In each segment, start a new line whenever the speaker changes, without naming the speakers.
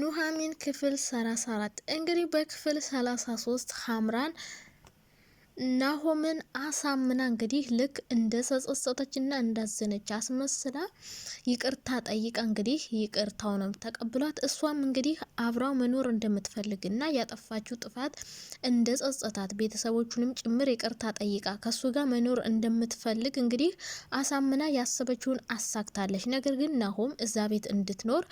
ኑሐሚን ክፍል 34 እንግዲህ በክፍል 33 ሐምራን ናሆምን አሳምና እንግዲህ ልክ እንደ ሰጸጸተች እና እንዳዘነች አስመስላ ይቅርታ ጠይቃ እንግዲህ ይቅርታው ነው ተቀብሏት። እሷም እንግዲህ አብራው መኖር እንደምትፈልግና ያጠፋችው ጥፋት እንደ ጸጸታት ቤተሰቦቹንም ጭምር ይቅርታ ጠይቃ ከእሱ ጋር መኖር እንደምትፈልግ እንግዲህ አሳምና ያሰበችውን አሳክታለች። ነገር ግን ናሆም እዛ ቤት እንድትኖር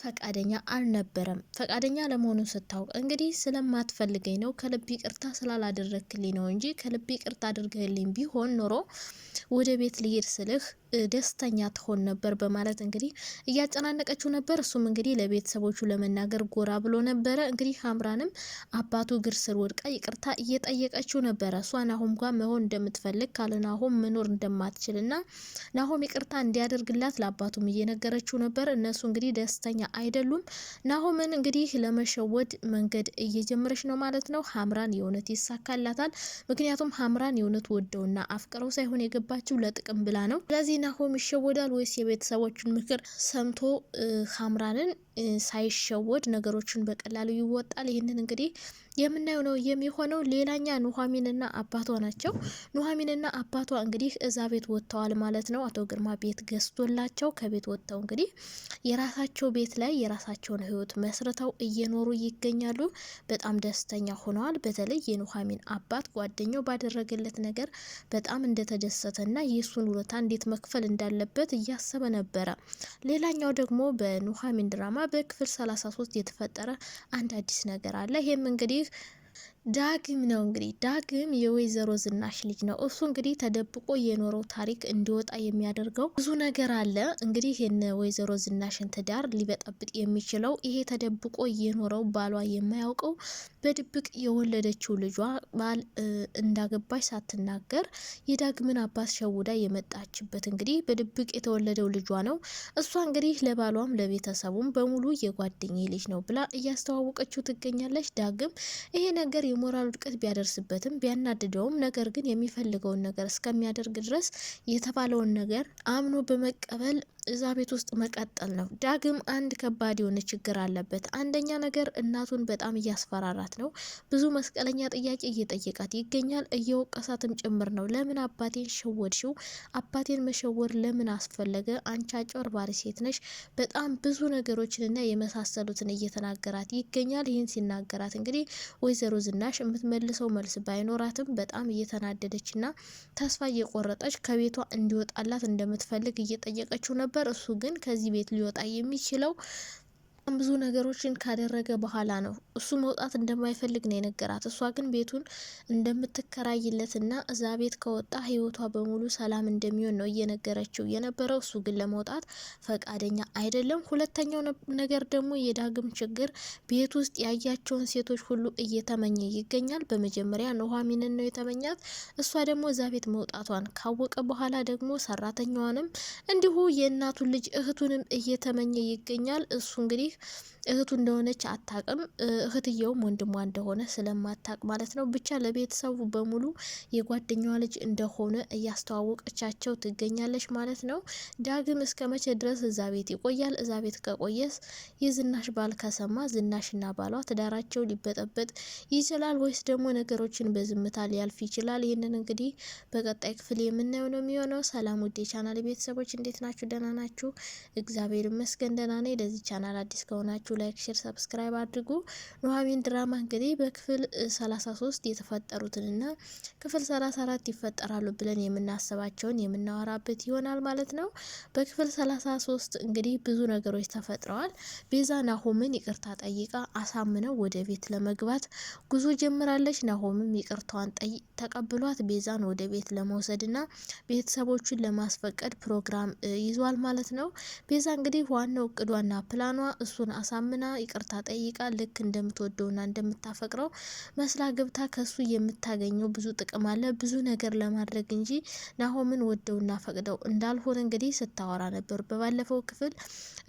ፈቃደኛ አልነበረም። ፈቃደኛ ለመሆኑን ስታውቅ እንግዲህ ስለማትፈልገኝ ነው ከልብ ይቅርታ ስላላደረክልኝ ነው እንጂ ከልብ ይቅርታ አድርግህልኝ ቢሆን ኖሮ ወደ ቤት ልሄድ ስልህ ደስተኛ ትሆን ነበር በማለት እንግዲህ እያጨናነቀችው ነበር። እሱም እንግዲህ ለቤተሰቦቹ ለመናገር ጎራ ብሎ ነበረ። እንግዲህ ሀምራንም አባቱ እግር ስር ወድቃ ይቅርታ እየጠየቀችው ነበረ። እሷ ናሆም ጋር መሆን እንደምትፈልግ ካለ ናሆም መኖር እንደማትችል እና ናሆም ይቅርታ እንዲያደርግላት ለአባቱም እየነገረችው ነበር። እነሱ እንግዲህ ደስተኛ አይደሉም። ናሆምን እንግዲህ ለመሸወድ መንገድ እየጀመረች ነው ማለት ነው። ሀምራን የእውነት ይሳካላታል። ምክንያቱም ሀምራን የእውነት ወደውና አፍቅረው ሳይሆን የገባችው ለጥቅም ብላ ነው። ስለዚህ ናሆም ይሸወዳል ወይስ የቤተሰቦቹን ምክር ሰምቶ ሀምራንን ሳይሸወድ ነገሮችን በቀላሉ ይወጣል። ይህንን እንግዲህ የምናየው ነው የሚሆነው። ሌላኛ ኑሐሚንና አባቷ ናቸው። ኑሐሚንና አባቷ እንግዲህ እዛ ቤት ወጥተዋል ማለት ነው። አቶ ግርማ ቤት ገዝቶላቸው ከቤት ወጥተው እንግዲህ የራሳቸው ቤት ላይ የራሳቸውን ሕይወት መስርተው እየኖሩ ይገኛሉ። በጣም ደስተኛ ሆነዋል። በተለይ የኑሐሚን አባት ጓደኛው ባደረገለት ነገር በጣም እንደተደሰተና የእሱን ውለታ እንዴት መክፈል እንዳለበት እያሰበ ነበረ። ሌላኛው ደግሞ በኑሐሚን ድራማ በክፍል 33 የተፈጠረ አንድ አዲስ ነገር አለ። ይህም እንግዲህ ዳግም ነው እንግዲህ ዳግም የወይዘሮ ዝናሽ ልጅ ነው። እሱ እንግዲህ ተደብቆ የኖረው ታሪክ እንዲወጣ የሚያደርገው ብዙ ነገር አለ። እንግዲህ ይህን ወይዘሮ ዝናሽን ትዳር ሊበጠብጥ የሚችለው ይሄ ተደብቆ የኖረው ባሏ የማያውቀው በድብቅ የወለደችው ልጇ ባል እንዳገባች ሳትናገር የዳግምን አባት ሸውዳ የመጣችበት እንግዲህ በድብቅ የተወለደው ልጇ ነው። እሷ እንግዲህ ለባሏም ለቤተሰቡም በሙሉ የጓደኛ ልጅ ነው ብላ እያስተዋወቀችው ትገኛለች። ዳግም ይሄ ነገር የሞራል ውድቀት ቢያደርስበትም ቢያናድደውም ነገር ግን የሚፈልገውን ነገር እስከሚያደርግ ድረስ የተባለውን ነገር አምኖ በመቀበል እዛ ቤት ውስጥ መቀጠል ነው። ዳግም አንድ ከባድ የሆነ ችግር አለበት። አንደኛ ነገር እናቱን በጣም እያስፈራራት ነው። ብዙ መስቀለኛ ጥያቄ እየጠየቃት ይገኛል። እየወቀሳትም ጭምር ነው። ለምን አባቴን ሸወድሽው? አባቴን መሸወድ ለምን አስፈለገ? አንቺ አጭበርባሪ ሴት ነሽ። በጣም ብዙ ነገሮችንና የመሳሰሉትን እየተናገራት ይገኛል። ይህን ሲናገራት እንግዲህ ወይዘሮ ዝናሽ የምትመልሰው መልስ ባይኖራትም በጣም እየተናደደችና ተስፋ እየቆረጠች ከቤቷ እንዲወጣላት እንደምትፈልግ እየጠየቀችው ነበር። ነበር። እሱ ግን ከዚህ ቤት ሊወጣ የሚችለው በጣም ብዙ ነገሮችን ካደረገ በኋላ ነው እሱ መውጣት እንደማይፈልግ ነው የነገራት። እሷ ግን ቤቱን እንደምትከራይለትና እዛ ቤት ከወጣ ህይወቷ በሙሉ ሰላም እንደሚሆን ነው እየነገረችው የነበረው። እሱ ግን ለመውጣት ፈቃደኛ አይደለም። ሁለተኛው ነገር ደግሞ የዳግም ችግር ቤት ውስጥ ያያቸውን ሴቶች ሁሉ እየተመኘ ይገኛል። በመጀመሪያ ኑሐሚንን ነው የተመኛት። እሷ ደግሞ እዛ ቤት መውጣቷን ካወቀ በኋላ ደግሞ ሰራተኛዋንም እንዲሁ የእናቱን ልጅ እህቱንም እየተመኘ ይገኛል። እሱ እንግዲህ እህቱ እንደሆነች አታቅም። እህትየውም ወንድሟ እንደሆነ ስለማታቅ ማለት ነው። ብቻ ለቤተሰቡ በሙሉ የጓደኛዋ ልጅ እንደሆነ እያስተዋወቀቻቸው ትገኛለች ማለት ነው። ዳግም እስከ መቼ ድረስ እዛ ቤት ይቆያል? እዛ ቤት ከቆየስ የዝናሽ ባል ከሰማ ዝናሽና ባሏ ትዳራቸው ሊበጠበጥ ይችላል ወይስ ደግሞ ነገሮችን በዝምታ ሊያልፍ ይችላል? ይህንን እንግዲህ በቀጣይ ክፍል የምናየው ነው የሚሆነው። ሰላም ውዴ ቻናል ቤተሰቦች እንዴት ናችሁ? ደህና ናችሁ? እግዚአብሔር ይመስገን ደህና ነኝ። ለዚህ ቻናል አዲስ ከሆናችሁ ላይክ፣ ሼር፣ ሰብስክራይብ አድርጉ። ኑሐሚን ድራማ እንግዲህ በክፍል 33 የተፈጠሩትንና ክፍል 34 ይፈጠራሉ ብለን የምናስባቸውን የምናወራበት ይሆናል ማለት ነው። በክፍል 33 እንግዲህ ብዙ ነገሮች ተፈጥረዋል። ቤዛ ናሆምን ይቅርታ ጠይቃ አሳምነው ወደ ቤት ለመግባት ጉዞ ጀምራለች። ናሆምም ይቅርታዋን ተቀብሏት ቤዛን ወደ ቤት ለመውሰድና ቤተሰቦቹን ለማስፈቀድ ፕሮግራም ይዟል ማለት ነው። ቤዛ እንግዲህ ዋናው እቅዷና ፕላኗ እሱ እሱን አሳምና ይቅርታ ጠይቃ ልክ እንደምትወደውና እንደምታፈቅረው መስላ ገብታ ከሱ የምታገኘው ብዙ ጥቅም አለ ብዙ ነገር ለማድረግ እንጂ ናሆምን ወደውና ፈቅደው እንዳልሆነ እንግዲህ ስታወራ ነበር በባለፈው ክፍል።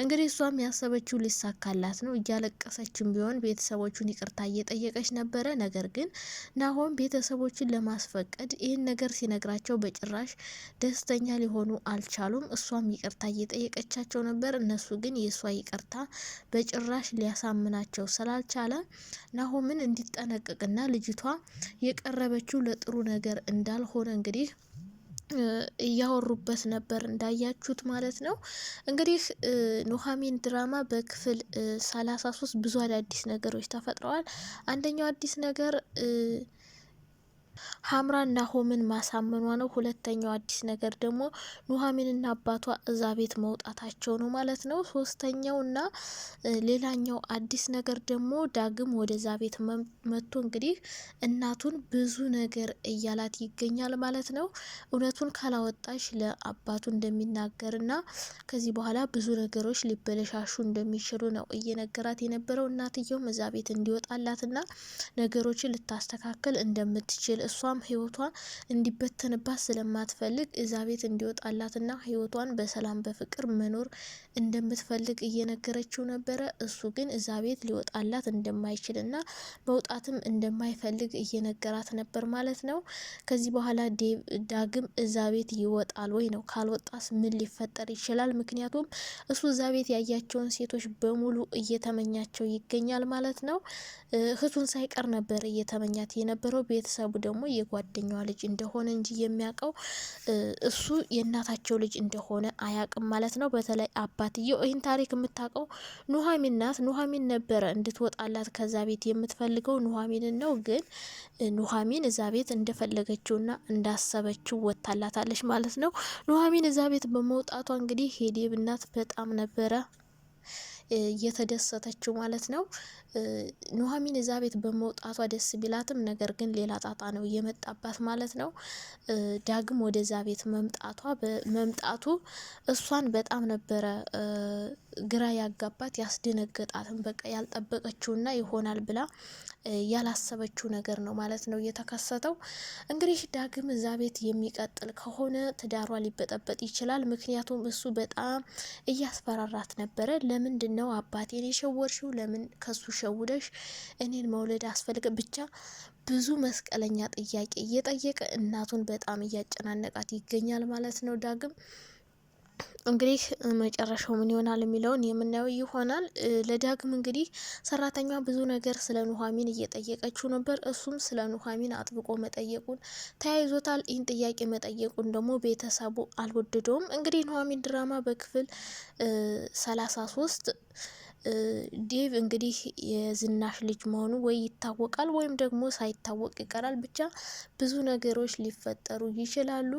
እንግዲህ እሷም ያሰበችው ሊሳካላት ነው። እያለቀሰችም ቢሆን ቤተሰቦቹን ይቅርታ እየጠየቀች ነበረ። ነገር ግን ናሆም ቤተሰቦችን ለማስፈቀድ ይህን ነገር ሲነግራቸው በጭራሽ ደስተኛ ሊሆኑ አልቻሉም። እሷም ይቅርታ እየጠየቀቻቸው ነበር። እነሱ ግን የእሷ ይቅርታ በጭራሽ ሊያሳምናቸው ስላልቻለ ናሆምን እንዲጠነቀቅና ልጅቷ የቀረበችው ለጥሩ ነገር እንዳልሆነ እንግዲህ እያወሩበት ነበር እንዳያችሁት ማለት ነው። እንግዲህ ኑሐሚን ድራማ በክፍል ሰላሳ ሶስት ብዙ አዳዲስ ነገሮች ተፈጥረዋል። አንደኛው አዲስ ነገር እና ሆምን ማሳመኗ ነው። ሁለተኛው አዲስ ነገር ደግሞ ኑሐሚንና አባቷ እዛ ቤት መውጣታቸው ነው ማለት ነው። ሶስተኛው እና ሌላኛው አዲስ ነገር ደግሞ ዳግም ወደዛ ቤት መጥቶ እንግዲህ እናቱን ብዙ ነገር እያላት ይገኛል ማለት ነው። እውነቱን ካላወጣሽ ለአባቱ እንደሚናገርና ከዚህ በኋላ ብዙ ነገሮች ሊበለሻሹ እንደሚችሉ ነው እየነገራት የነበረው። እናትየውም እዛ ቤት እንዲወጣላትና ነገሮችን ልታስተካከል እንደምትችል እሷም ህይወቷ እንዲበተንባት ስለማትፈልግ እዛ ቤት እንዲወጣላትና ህይወቷን በሰላም በፍቅር መኖር እንደምትፈልግ እየነገረችው ነበረ። እሱ ግን እዛ ቤት ሊወጣላት እንደማይችልና መውጣትም እንደማይፈልግ እየነገራት ነበር ማለት ነው። ከዚህ በኋላ ዳግም እዛ ቤት ይወጣል ወይ ነው? ካልወጣስ ምን ሊፈጠር ይችላል? ምክንያቱም እሱ እዛ ቤት ያያቸውን ሴቶች በሙሉ እየተመኛቸው ይገኛል ማለት ነው። እህቱን ሳይቀር ነበር እየተመኛት የነበረው ቤተሰቡ ደግሞ ደግሞ የጓደኛዋ ልጅ እንደሆነ እንጂ የሚያውቀው እሱ የእናታቸው ልጅ እንደሆነ አያቅም ማለት ነው። በተለይ አባትየው ይህን ታሪክ የምታውቀው ኑሀሚን ናት። ኑሀሚን ነበረ እንድትወጣላት ከዛ ቤት የምትፈልገው ኑሀሚንን ነው። ግን ኑሀሚን እዛ ቤት እንደፈለገችውና እንዳሰበችው ወታላታለች ማለት ነው። ኑሀሚን እዛ ቤት በመውጣቷ እንግዲህ ሄዴብ እናት በጣም ነበረ እየተደሰተችው ማለት ነው። ኑሐሚን እዛ ቤት በመውጣቷ ደስ ቢላትም ነገር ግን ሌላ ጣጣ ነው እየመጣባት ማለት ነው። ዳግም ወደዛ ቤት መምጣቷ መምጣቱ እሷን በጣም ነበረ ግራ ያጋባት ያስደነገጣትም። በቃ ያልጠበቀችውና ይሆናል ብላ ያላሰበችው ነገር ነው ማለት ነው የተከሰተው። እንግዲህ ዳግም እዛ ቤት የሚቀጥል ከሆነ ትዳሯ ሊበጠበጥ ይችላል። ምክንያቱም እሱ በጣም እያስፈራራት ነበረ። ለምንድን ነው አባቴን የሸወርሽው? ለምን ከሱ ሸውደሽ እኔን መውለድ አስፈልገ? ብቻ ብዙ መስቀለኛ ጥያቄ እየጠየቀ እናቱን በጣም እያጨናነቃት ይገኛል ማለት ነው ዳግም እንግዲህ መጨረሻው ምን ይሆናል የሚለውን የምናየው ይሆናል። ለዳግም እንግዲህ ሰራተኛ ብዙ ነገር ስለ ኑሐሚን እየጠየቀችው ነበር። እሱም ስለ ኑሐሚን አጥብቆ መጠየቁን ተያይዞታል። ይህን ጥያቄ መጠየቁን ደግሞ ቤተሰቡ አልወደደውም። እንግዲህ ኑሐሚን ድራማ በክፍል ሰላሳ ሶስት ዴቭ እንግዲህ የዝናሽ ልጅ መሆኑ ወይ ይታወቃል ወይም ደግሞ ሳይታወቅ ይቀራል። ብቻ ብዙ ነገሮች ሊፈጠሩ ይችላሉ።